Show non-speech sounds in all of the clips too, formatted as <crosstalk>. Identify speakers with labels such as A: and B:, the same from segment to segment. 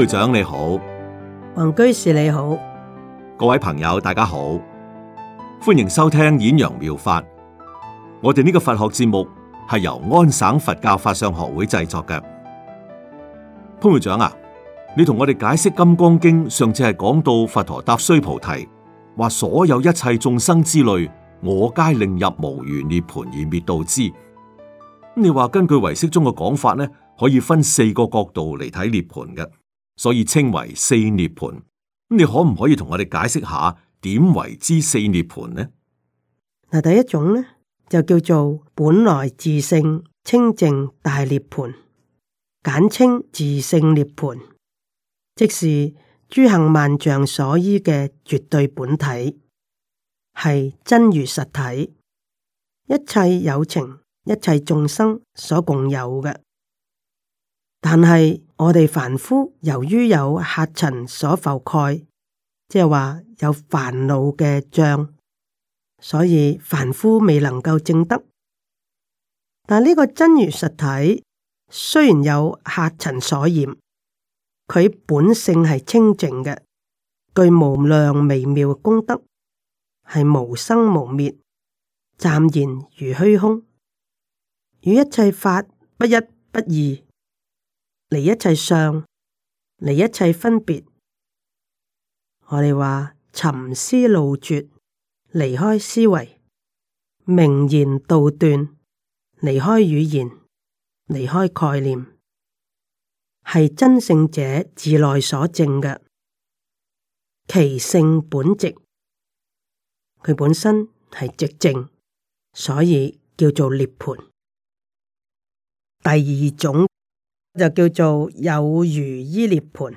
A: 會長你好，
B: 黃居士你好，
A: 各位朋友大家好，歡迎收聽演陽妙法。我哋呢個佛學節目係由安省佛教法相學會製作嘅。潘會長啊，你同我哋解釋《金剛經》，上次係講到佛陀答須菩提，話所有一切眾生之類，我皆令入無餘涅槃而滅度之。你話根據唯識中嘅講法呢，可以分四個角度嚟睇涅槃嘅。所以稱為四涅盤。咁你可唔可以同我哋解釋下點為之四涅盤呢？
B: 嗱，第一種呢就叫做本來自性清淨大涅盤，簡稱自性涅盤，即是諸行萬象所依嘅絕對本體，係真如實體，一切有情、一切眾生所共有嘅。但係我哋凡夫由於有客塵所覆蓋，即係話有煩惱嘅障，所以凡夫未能夠證得。但呢個真如實體雖然有客塵所染，佢本性係清淨嘅，具無量微妙功德，係無生無滅，湛然如虛空，與一切法不一不二。離一切相，離一切分別。我哋話沉思路絕，離開思維、名言道斷，離開語言、離開概念，係真性者自內所證嘅，其性本直，佢本身係直正，所以叫做涅槃。第二種。就叫做有餘依涅盤，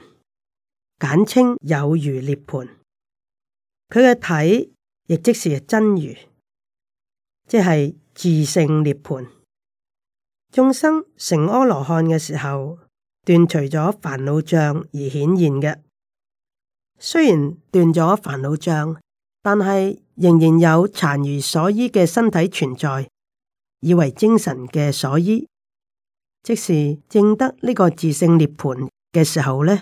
B: 簡稱有餘涅盤佢嘅體亦即是真如，即係自性涅盤。眾生成阿羅漢嘅時候，斷除咗煩惱障而顯現嘅。雖然斷咗煩惱障，但係仍然有殘餘所依嘅身體存在，以為精神嘅所依。即是正得呢個自性涅盤嘅時候呢，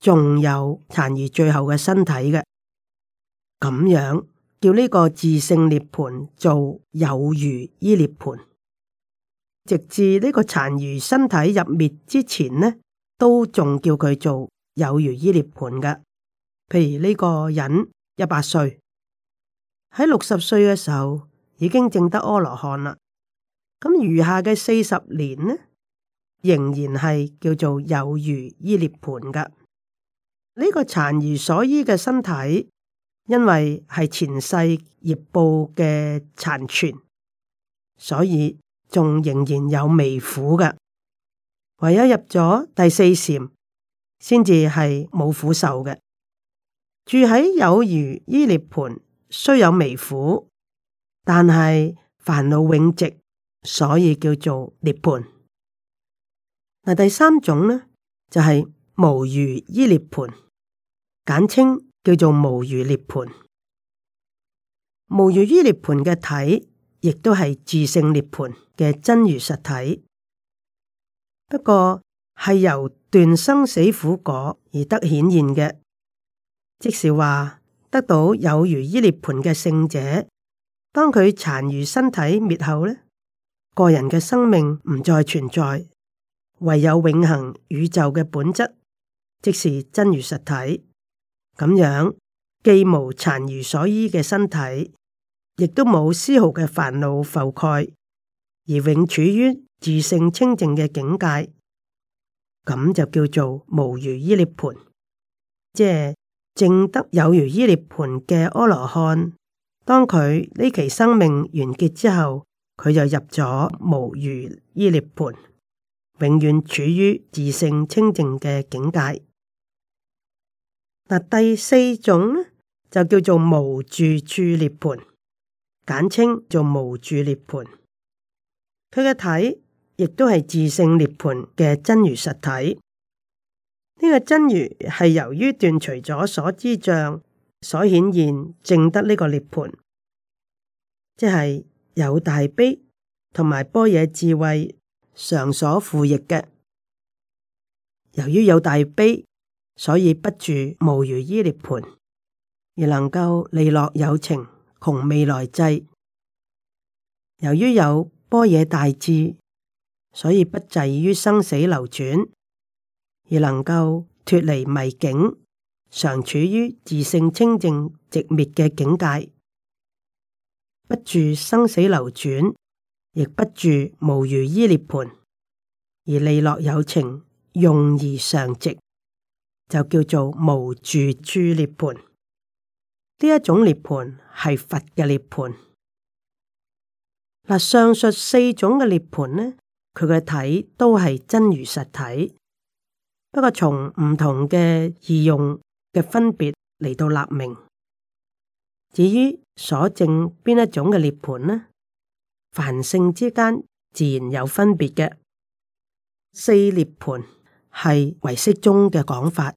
B: 仲有殘餘最後嘅身體嘅，咁樣叫呢個自性涅盤做有餘依涅盤，直至呢個殘餘身體入滅之前呢，都仲叫佢做有餘依涅盤嘅。譬如呢個人一百歲喺六十歲嘅時候已經正得阿羅漢啦，咁餘下嘅四十年呢？仍然係叫做有餘依涅盤噶呢、這個殘餘所依嘅身體，因為係前世業報嘅殘存，所以仲仍然有微苦噶。唯有入咗第四禪，先至係冇苦受嘅。住喺有餘依涅盤，雖有微苦，但係煩惱永寂，所以叫做涅盤。嗱，第三種呢，就係、是、無餘依涅盤，簡稱叫做無餘涅盤。無餘依涅盤嘅體，亦都係自性涅盤嘅真如實體，不過係由斷生死苦果而得顯現嘅。即是話，得到有餘依涅盤嘅聖者，當佢殘餘身體滅後呢，個人嘅生命唔再存在。唯有永恒宇宙嘅本質，即是真如實體，咁樣既無殘餘所依嘅身體，亦都冇絲毫嘅煩惱覆蓋，而永處於自性清淨嘅境界，咁就叫做無餘依涅盤。即係證得有餘依涅盤嘅阿羅漢，當佢呢期生命完結之後，佢就入咗無餘依涅盤。永遠處於自性清淨嘅境界。嗱，第四種就叫做無住處涅盤，簡稱做無住涅盤。佢嘅體亦都係自性涅盤嘅真如實體。呢、這個真如係由於斷除咗所知障所顯現證得呢個涅盤，即係有大悲同埋般若智慧。常所負役嘅，由於有大悲，所以不住無餘依涅盤，而能夠利樂有情，窮未來際。由於有般若大智，所以不滯於生死流轉，而能夠脱離迷境，常處於自性清淨寂滅嘅境界，不住生死流轉。亦不住無餘依涅槃，而利樂有情，用而常寂，就叫做無住處涅槃。呢一種涅槃係佛嘅涅槃。嗱，上述四種嘅涅槃呢，佢嘅體都係真如實體，不過從唔同嘅義用嘅分別嚟到立名。至於所證邊一種嘅涅槃呢？凡聖之間自然有分別嘅，四涅盤係唯識宗嘅講法，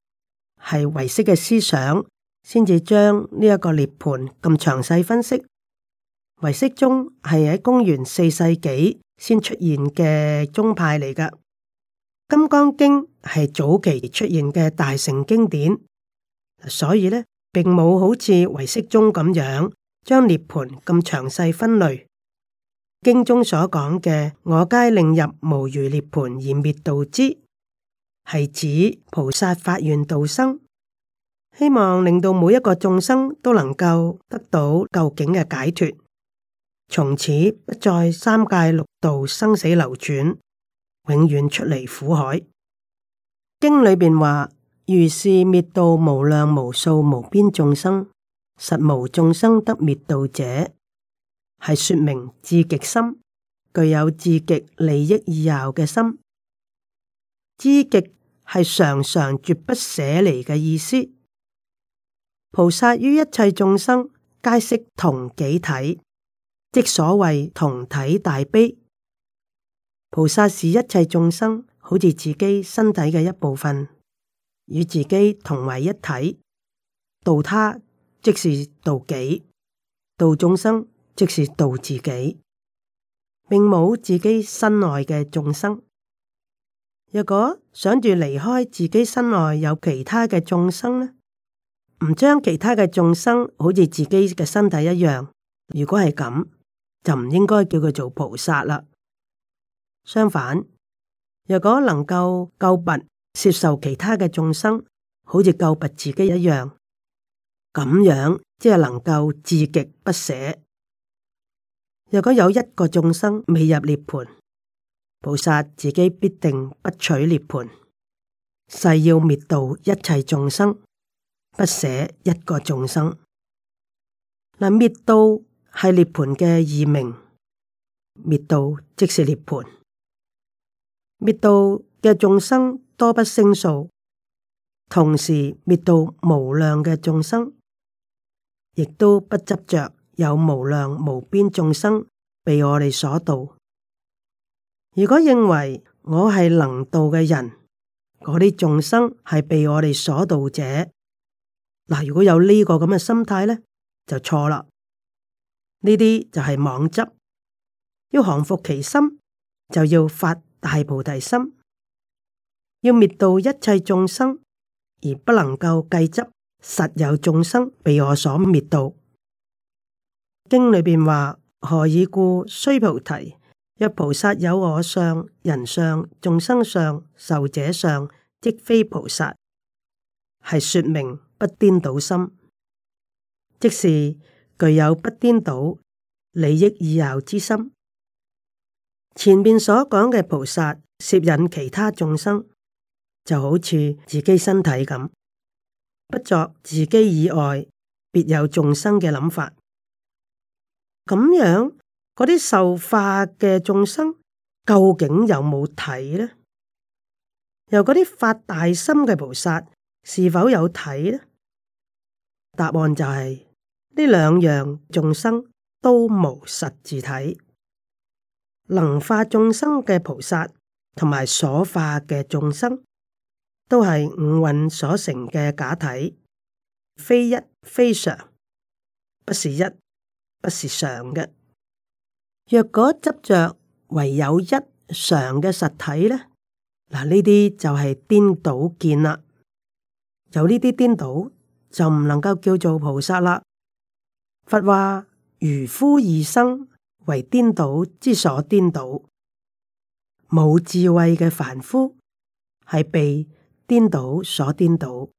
B: 係唯識嘅思想先至將呢一個涅盤咁詳細分析。唯識宗係喺公元四世紀先出現嘅宗派嚟㗎，《金剛經》係早期出現嘅大乘經典，所以呢，並冇好似唯識宗咁樣將涅盤咁詳細分類。經中所講嘅我皆令入無餘涅槃而滅度之，係指菩薩發願度生，希望令到每一個眾生都能夠得到究竟嘅解脫，從此不再三界六道生死流轉，永遠出離苦海。經裏邊話如是滅度無量無數無邊眾生，實無眾生得滅度者。係說明至極心，具有至極利益而有嘅心，至極係常常絕不捨離嘅意思。菩薩於一切眾生皆識同己體，即所謂同體大悲。菩薩視一切眾生好似自己身體嘅一部分，與自己同為一體，度他即是度己，度眾生。即是度自己，並冇自己身外嘅眾生。若果想住離開自己身外有其他嘅眾生呢，唔將其他嘅眾生好似自己嘅身體一樣，如果係咁，就唔應該叫佢做菩薩啦。相反，若果能夠救拔、攝受其他嘅眾生，好似救拔自己一樣，咁樣即係能夠至極不捨。若果有一個眾生未入涅槃，菩薩自己必定不取涅槃。誓要滅度一切眾生，不捨一個眾生。那滅度係涅槃嘅異名，滅度即是涅槃。滅度嘅眾生多不勝數，同時滅度無量嘅眾生，亦都不執着。有無量無邊眾生被我哋所度。如果認為我係能度嘅人，嗰啲眾生係被我哋所度者，嗱，如果有這個這呢個咁嘅心態咧，就錯啦。呢啲就係妄執，要降伏其心，就要發大菩提心，要滅度一切眾生，而不能夠計執實有眾生被我所滅度。經裏邊話：何以故？須菩提，若菩薩有我相、人相、眾生相、壽者相，即非菩薩。係說明不顛倒心，即是具有不顛倒利益以後之心。前面所講嘅菩薩攝引其他眾生，就好似自己身體咁，不作自己以外別有眾生嘅諗法。咁樣，嗰啲受化嘅眾生究竟有冇體呢？由嗰啲發大心嘅菩薩是否有體呢？答案就係、是、呢兩樣眾生都無實自體，能化眾生嘅菩薩同埋所化嘅眾生，都係五蘊所成嘅假體，非一非常，不是一。不是常嘅，若果執着唯有一常嘅實體呢，嗱呢啲就係顛倒見啦。有呢啲顛倒，就唔能夠叫做菩薩啦。佛話：愚夫二生為顛倒之所顛倒，冇智慧嘅凡夫係被顛倒所顛倒。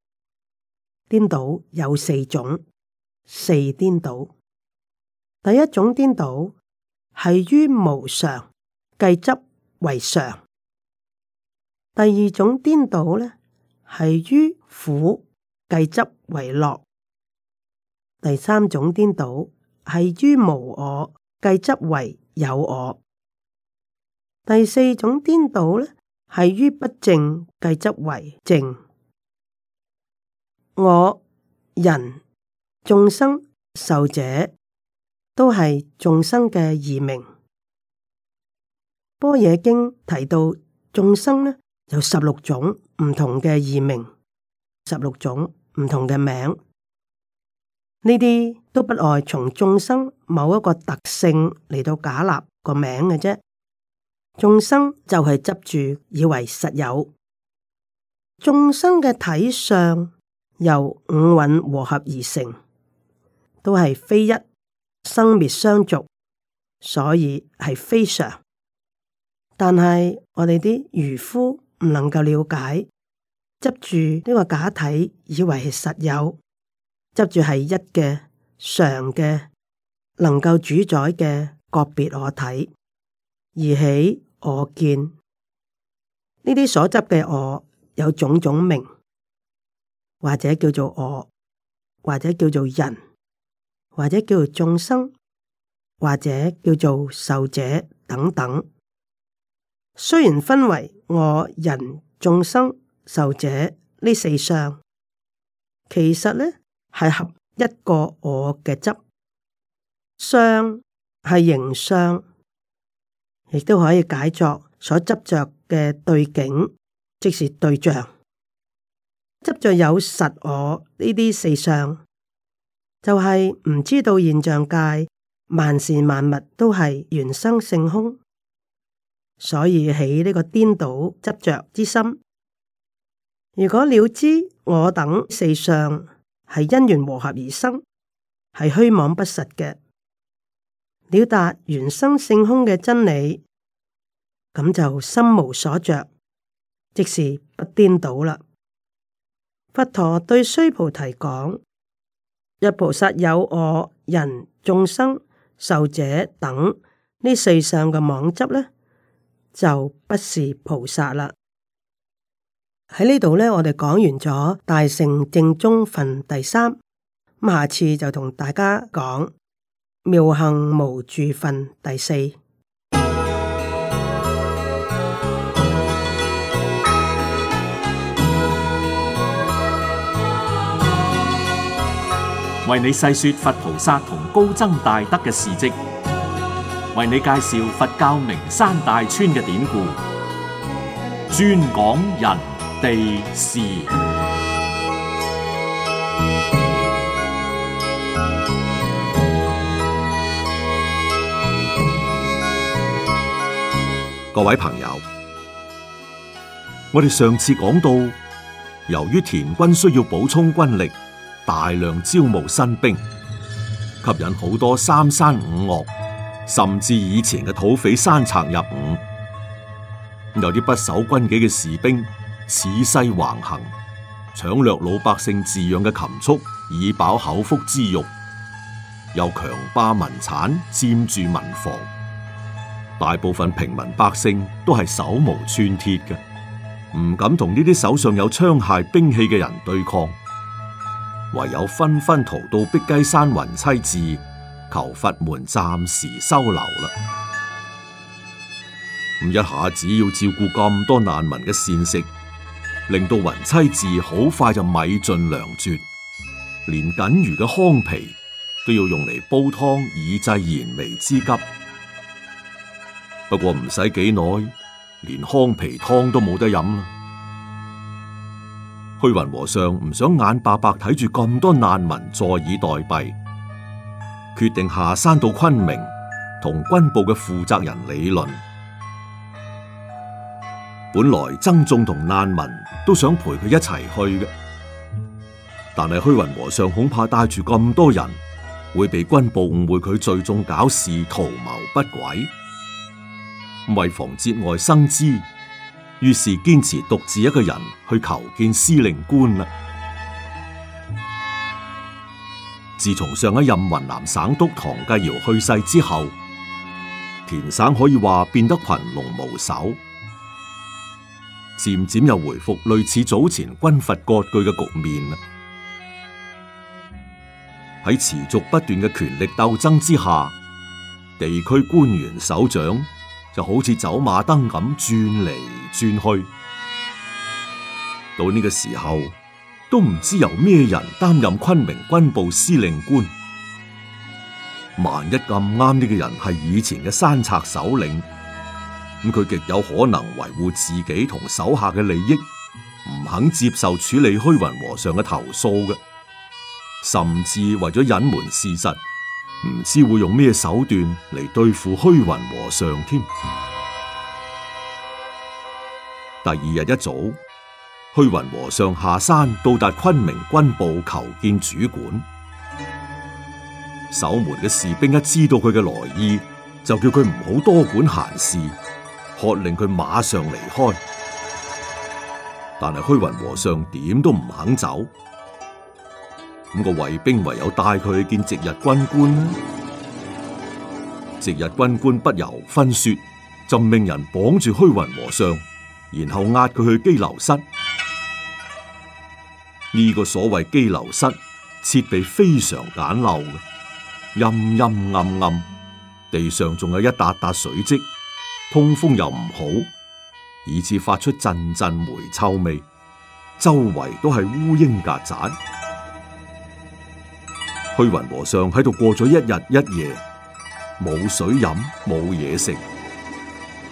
B: 顛倒有四種，四顛倒。第一種顛倒係於無常計執為常，第二種顛倒咧係於苦計執為樂，第三種顛倒係於無我計執為有我，第四種顛倒咧係於不淨計執為淨，我人眾生壽者。都係眾生嘅異名。般若經，提到眾生呢有十六種唔同嘅異名，十六種唔同嘅名。呢啲都不外從眾生某一個特性嚟到假立個名嘅啫。眾生就係執住以為實有。眾生嘅體相由五蘊和合而成，都係非一。生滅相續，所以係非常。但係我哋啲愚夫唔能夠了解，執住呢個假體以為係實有，執住係一嘅常嘅，能夠主宰嘅個別我體而起我見。呢啲所執嘅我有種種名，或者叫做我，或者叫做人。或者叫做眾生，或者叫做受者等等。雖然分為我、人、眾生、受者呢四相，其實呢係合一個我嘅執相，係形相，亦都可以解作所執着嘅對境，即是對象。執着有實我呢啲四相。就係唔知道現象界萬事萬物都係原生性空，所以起呢個顛倒執着之心。如果了知我等四相係因緣和合而生，係虛妄不實嘅，了達原生性空嘅真理，咁就心無所著，即是不顛倒啦。佛陀對須菩提講。若菩薩有我人眾生壽者等呢四相嘅妄執呢，就不是菩薩喇。喺呢度呢，我哋講完咗大乘正宗分第三，咁下次就同大家講妙行無住分第四。
A: 為你細說佛菩薩同高僧大德嘅事蹟，為你介紹佛教名山大川嘅典故，專講人地事。各位朋友，我哋上次講到，由於田軍需要補充軍力。大量招募新兵，吸引好多三山五岳，甚至以前嘅土匪山賊入伍。有啲不守軍紀嘅士兵，肆意橫行，搶掠老百姓飼養嘅禽畜，以飽口腹之欲；又強霸民產，佔住民房。大部分平民百姓都係手無寸鐵嘅，唔敢同呢啲手上有槍械兵器嘅人對抗。唯有紛紛逃到碧雞山雲棲寺求佛門暫時收留啦。咁一下子要照顧咁多難民嘅膳食，令到雲棲寺好快就米盡糧絕，連僅餘嘅糠皮都要用嚟煲湯以濟燃眉之急。不過唔使幾耐，連糠皮湯都冇得飲啦。虛雲和尚唔想眼白白睇住咁多難民坐以待斃，決定下山到昆明同軍部嘅負責人理論。本來曾仲同難民都想陪佢一齊去嘅，但係虛雲和尚恐怕帶住咁多人會被軍部誤會佢聚眾、搞事，圖謀不軌，為防節外生枝。於是堅持獨自一個人去求見司令官啦。自從上一任雲南省督督唐繼堯去世之後，滇省可以話變得群龍無首，漸漸又回復類似早前軍閥割據嘅局面。喺持續不斷嘅權力鬥爭之下，地區官員首長。就好似走馬燈咁轉嚟轉去，到呢個時候都唔知由咩人擔任昆明軍部司令官。萬一咁啱呢個人係以前嘅山賊首領，咁佢極有可能維護自己同手下嘅利益，唔肯接受處理虛雲和尚嘅投訴嘅，甚至為咗隱瞞事實。唔知會用咩手段嚟對付虛雲和尚添？第二日一早，虛雲和尚下山到達昆明軍部求見主管。守門嘅士兵一知道佢嘅來意，就叫佢唔好多管閒事，喝令佢馬上離開。但係虛雲和尚點都唔肯走。咁個衛兵唯有帶佢去見值日軍官啦。值日軍官不由分說，就命人綁住虛雲和尚，然後押佢去羈留室。呢、這個所謂羈留室，設備非常簡陋，陰陰暗，暗暗，地上仲有一笪笪水漬，通風又唔好，以致發出陣陣霉臭味。周圍都係烏蠅、曱甴。虛雲和尚喺度過咗一日一夜，冇水飲，冇嘢食，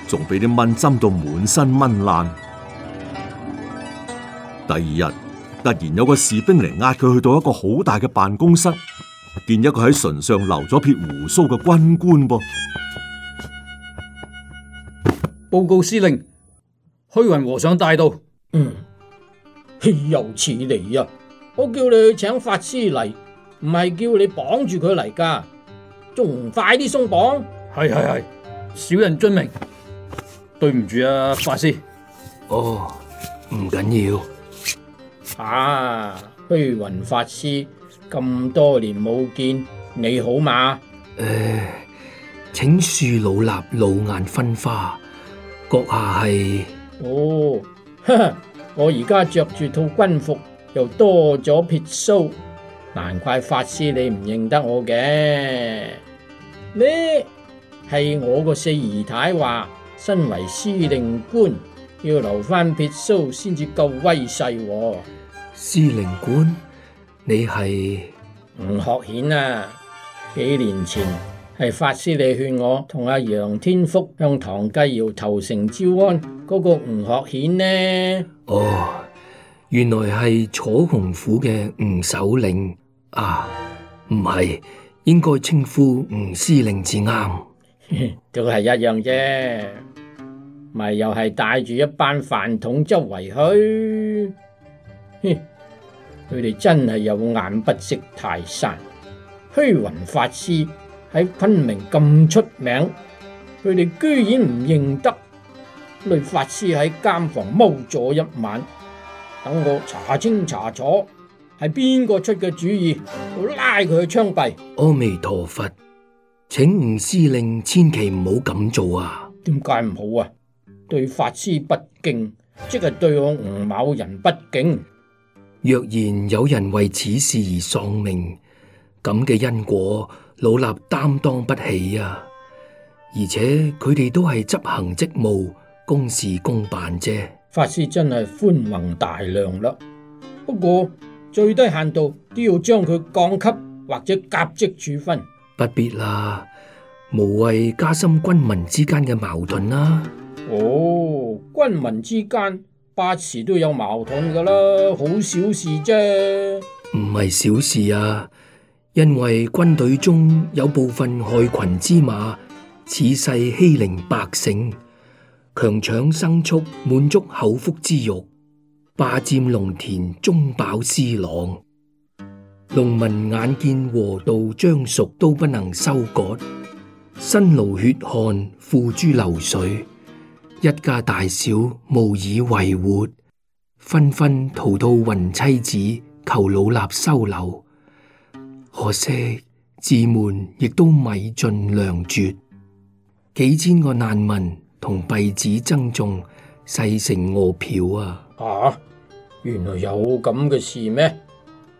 A: 仲俾啲蚊針到滿身蚊爛。第二日突然有個士兵嚟押佢去到一個好大嘅辦公室，見一個喺唇上留咗撇鬍鬚嘅軍官噃。
C: 報告司令，虛雲和尚帶到。嗯，豈有此理啊！我叫你去請法師嚟。唔係叫你綁住佢嚟噶，仲唔快啲鬆綁！係係係，小人遵命。
D: 對唔住啊，法師。哦，唔緊要。
C: 啊，虛雲法師，咁多年冇見，你好嘛？誒、呃，
D: 請恕老衲老眼昏花，閣下係？哦，
C: 哈哈，我而家着住套軍服，又多咗撇鬚。難怪法師你唔認得我嘅，呢係我個四姨太話，身為司令官要留翻撇鬚先至夠威勢。
D: 司令官，你係吳學
C: 顯啊！幾年前係法師你勸我同阿、啊、楊天福向唐繼堯投誠招安嗰個吳學顯呢、
D: 啊？哦，原來係楚雄府嘅吳首領。啊，
C: 唔係，
D: 應該稱呼吳司令至啱，
C: <laughs> 都係一樣啫，咪又係帶住一班飯桶周圍去，佢 <laughs> 哋真係有眼不識泰山。虛雲法師喺昆明咁出名，佢哋居然唔認得。雷法師喺監房踎咗一晚，等我查清查楚。係邊個出嘅主意？我拉佢去槍斃。阿彌陀佛，請吳司令
D: 千祈唔好咁做啊！
C: 點解唔好啊？對法師不敬，即係對我吳某人不
D: 敬。若然有人為此事而喪命，咁嘅因果老衲擔當不起啊！
C: 而且佢哋都係執行職務，公事公辦啫。法師真係寬宏大量啦，不過。最低限度都要將佢降級或者革職處分。不必啦，
D: 無謂加深軍民之間嘅矛盾啦。
C: 哦，軍民之間八時都有矛盾噶啦，好小事啫。
D: 唔係小事啊，因為軍隊中有部分害群之馬，恃勢欺凌百姓，強搶牲畜，滿足口腹之慾。霸佔農田中飽，中飽私囊，農民眼見禾稻將熟都不能收割，辛勞血汗，付諸流水，一家大小無以為活，紛紛逃到雲棲寺求老衲收留。可惜寺門亦都米盡糧絕，幾千個難民同弟子僧眾，世成惡殍啊！
C: 啊，原來有咁嘅事咩？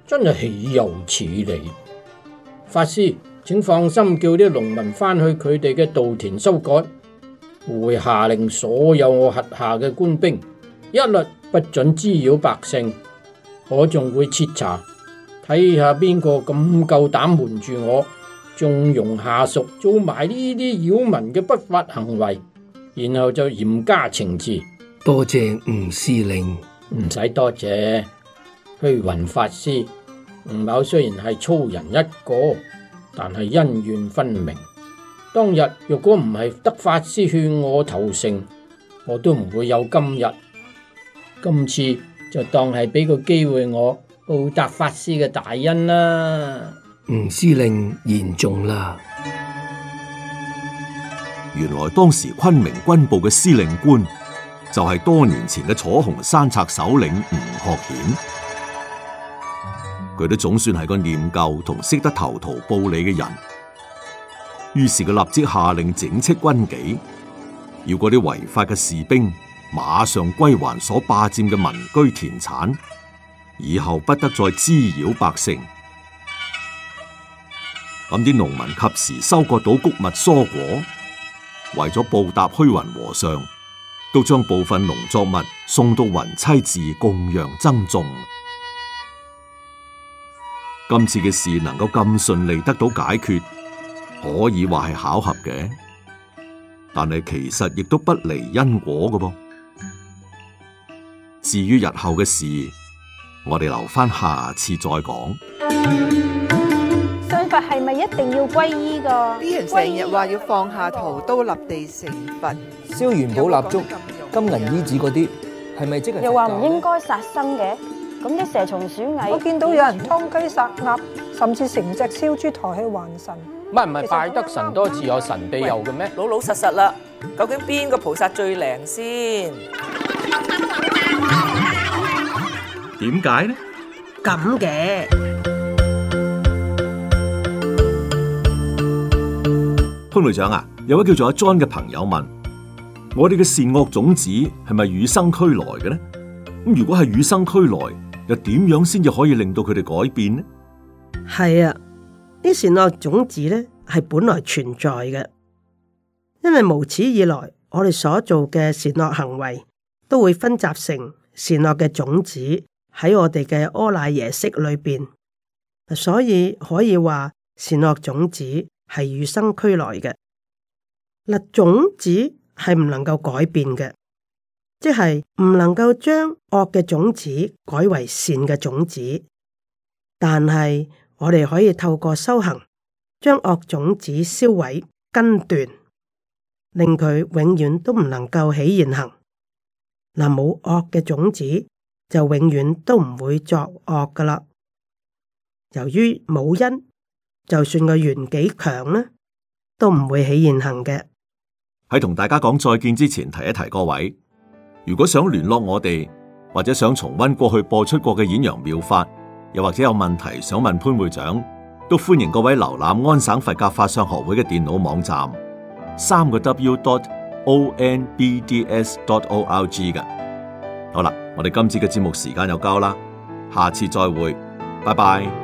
C: 真係豈有此理！法師，請放心，叫啲農民翻去佢哋嘅稻田收割。會下令所有我轄下嘅官兵，一律不准滋擾百姓。我仲會徹查，睇下邊個咁夠膽瞞住我，縱容下屬做埋呢啲擾民嘅不法行為，然後就嚴加懲治。多謝吳司令。唔使多謝，虛雲法師。吳某雖然係粗人一個，但係恩怨分明。當日若果唔係得法師勸我投誠，我都唔會有今日。今次就當係俾個機會我報答法師嘅大恩啦。
A: 吳司令言重啦，原來當時昆明軍部嘅司令官，就係多年前嘅楚雄山賊首領吳學顯，佢都總算係個念舊同識得投桃報李嘅人，於是佢立即下令整飭軍紀，要嗰啲違法嘅士兵馬上歸還所霸佔嘅民居田產，以後不得再滋擾百姓。咁啲農民及時收割到穀物蔬果，為咗報答虛雲和尚。都將部分農作物送到雲棲寺供養僧眾。今次嘅事能夠咁順利得到解決，可以話係巧合嘅，但係其實亦都不離因果嘅噃。至於日後嘅事，我哋留翻下次再講。係咪一定要皈依噶？啲人成日話要放下屠刀，立地成
D: 佛，燒元寶蠟燭、金銀衣紙嗰啲，係
C: 咪即係？又話唔應該殺生嘅，咁啲蛇蟲鼠蟻，我見到有人劏雞殺
B: 鴨，甚至成隻燒豬抬去還神。
C: 唔係唔係，拜得神多自有神庇佑嘅咩？老老實實啦，究竟邊個菩薩最靈先？
A: 點解呢？
B: 咁嘅。
A: 潘隊長啊，有位叫做阿 John 嘅朋友問：我哋嘅善惡種子係咪與生俱來嘅咧？咁如果係與生俱來，又點樣先至可以令到佢哋改變
B: 呢？係啊，啲善惡種子咧係本來存在嘅，因為無始以來我哋所做嘅善惡行為都會分集成善惡嘅種子喺我哋嘅阿賴耶識裏邊，所以可以話善惡種子。係與生俱來嘅，嗱，種子係唔能夠改變嘅，即係唔能夠將惡嘅種子改為善嘅種子。但係我哋可以透過修行，將惡種子銷毀、根斷，令佢永遠都唔能夠起現行。嗱，冇惡嘅種子就永遠都唔會作惡㗎喇。由於冇因。就算個緣幾強呢，都唔會起現行嘅。
A: 喺同大家講再見之前，提一提各位，如果想聯絡我哋，或者想重温過去播出過嘅演揚妙法，又或者有問題想問潘會長，都歡迎各位瀏覽安省佛教法商學會嘅電腦網站，三個 W dot O N B D S dot O R G 嘅。好啦，我哋今次嘅節目時間就交啦，下次再會，拜拜。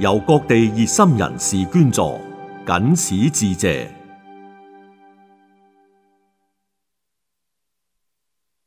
A: 由各地熱心人士捐助，僅此致謝。